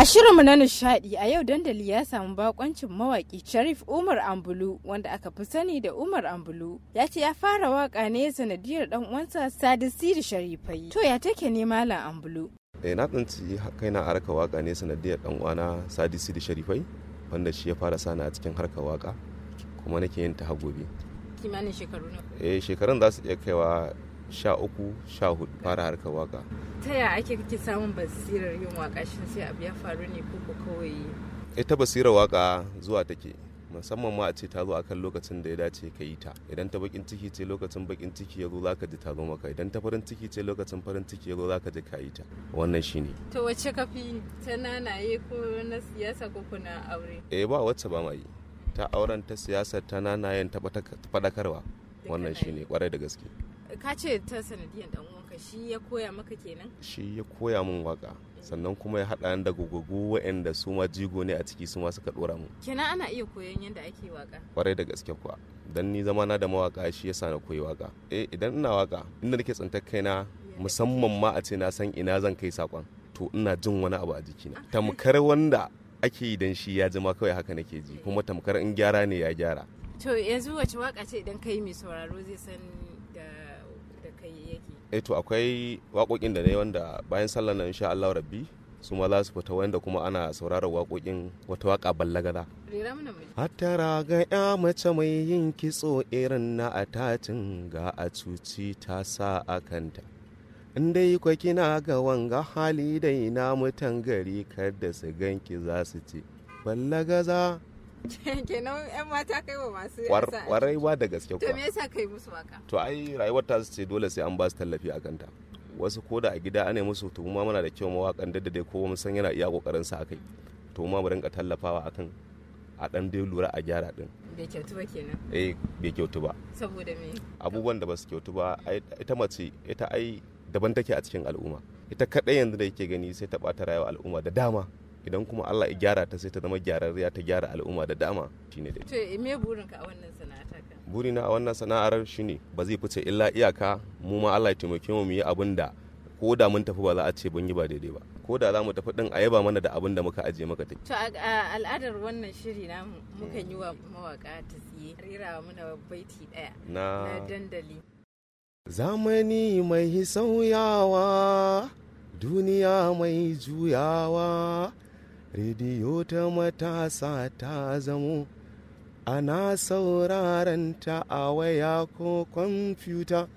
A shirinmu na nishadi a yau dandali ya samu bakoncin mawaki Sharif Umar Ambulu wanda aka fi sani da Umar Ambulu. Ya ce ya fara waka ne sanadiyar dan uwansa Sadisi da Sharifai. To ya take ne Malam Ambulu? Eh na tsinci kaina a harkar waka ne sanadiyar dan uwana Sadisi da Sharifai wanda shi ya fara sani a cikin harkar waka kuma nake yin ta hagobi. Kimanin shekaru ne? Eh shekarun za su iya kaiwa sha uku sha hudu fara harkar waka ta ya ake kake samun basirar yin waka shi sai abu ya faru ne ko ko kawai ita basirar waka zuwa take musamman ma a ce ta zo a kan lokacin da ya dace ka yi ta idan ta bakin ciki ce lokacin bakin ciki ya zo zaka ji ta zo maka idan ta farin ciki ce lokacin farin ciki ya zo zaka ji ka yi ta wannan shine to wacce kafi ta nanaye ko na siyasa ko kuna aure eh ba wacce ba mai ta auren ta siyasar ta nanayen ta fadakarwa wannan shine kwarai da gaske ka ce ta sanadiyar dan uwanka shi ya koya maka kenan shi ya koya min waka sannan kuma ya haɗa da gogogo waɗanda su ma jigo ne a ciki su ma suka ɗora mu kenan ana iya koyon yadda ake waka kwarai da gaske kuwa dan ni zama na da mawaka shi yasa na koyi waka eh idan ina waka inda nake tsantar kaina musamman ma a ce na san ina zan kai sakon to ina jin wani abu a jikina ah. tamkar wanda ake yi dan shi ya jima kawai haka nake ji kuma tamkar in gyara ne ya gyara to yanzu wace waka ce idan kai mai sauraro zai san da kai yake eh to akwai waƙoƙin da ne wanda bayan sallar nan insha Allah rabbi su ma za su fita wanda kuma ana sauraron waƙoƙin wata waƙa ballagada. Hattara ga ya mace mai yin kitso irin na atacin ga a cuci ta sa a kanta. In dai kwa kina ga wanga hali dai na mutan gari kada su ganki za su ci Ballagaza kenan yan mata kai wa masu kwarai da gaske kuwa to me yasa kai musu waka to ai rayuwar ta ce dole sai an ba su tallafi a kanta wasu ko da a gida ana musu to ma muna da kyau mawakan da dai kowa mun san yana iya kokarin sa akai to ma mu rinka tallafawa akan a dan dai lura a gyara din bai kyautu ba kenan eh bai kyautu ba saboda me abubuwan da ba su kyautu ba ita mace ita ai daban take a cikin al'umma ita kadai yanzu da yake gani sai ta bata rayuwar al'umma da dama idan kuma Allah ya gyara ta sai ta zama gyararriya ta gyara al'umma da dama shine da to me burinka a wannan sana'ata ka burina a wannan sana'ar shine ba zai fice illa iyaka mu ma Allah ya taimake mu mu yi abin da ko da mun tafi ba za a ce ban yi ba daidai ba ko da za mu tafi din a yaba mana da abin da muka aje maka tafi to a al'adar wannan shiri na muka yi wa mawaka ta tsiye rera muna baiti daya na dandali zamani mai sauyawa duniya mai juyawa rediyo ta matasa ta zamo ana sauraron ta a waya ko kwamfuta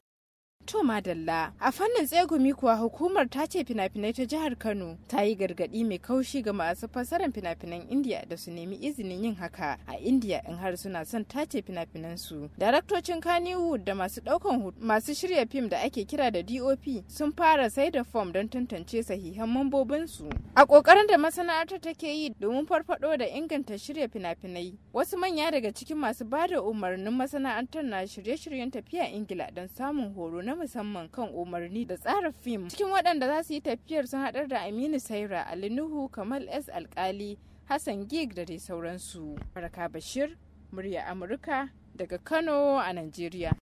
To Madalla, a fannin tsegumi kuwa hukumar ta ce fina-finai ta jihar Kano ta yi gargaɗi mai kaushi ga masu fasarar fina-finan Indiya da su nemi izinin yin haka a Indiya in har suna son tace fina-finan su. Daraktocin Kannywood da masu ɗaukan masu shirya fim da ake kira da DOP sun fara sai da fom don tantance sahihan mambobin su. A ƙoƙarin da masana'antar take yi domin farfaɗo da inganta shirya fina-finai, wasu manya daga cikin masu bada umarnin masana'antar na shirye-shiryen tafiya Ingila don samun horo na na musamman kan umarni da tsara fim. Cikin waɗanda za su yi tafiyar sun haɗar da Aminu Saira, Ali Nuhu, Kamal S. Alkali, Hassan Gig da dai sauransu. Baraka Bashir, murya Amurka daga Kano a nigeria.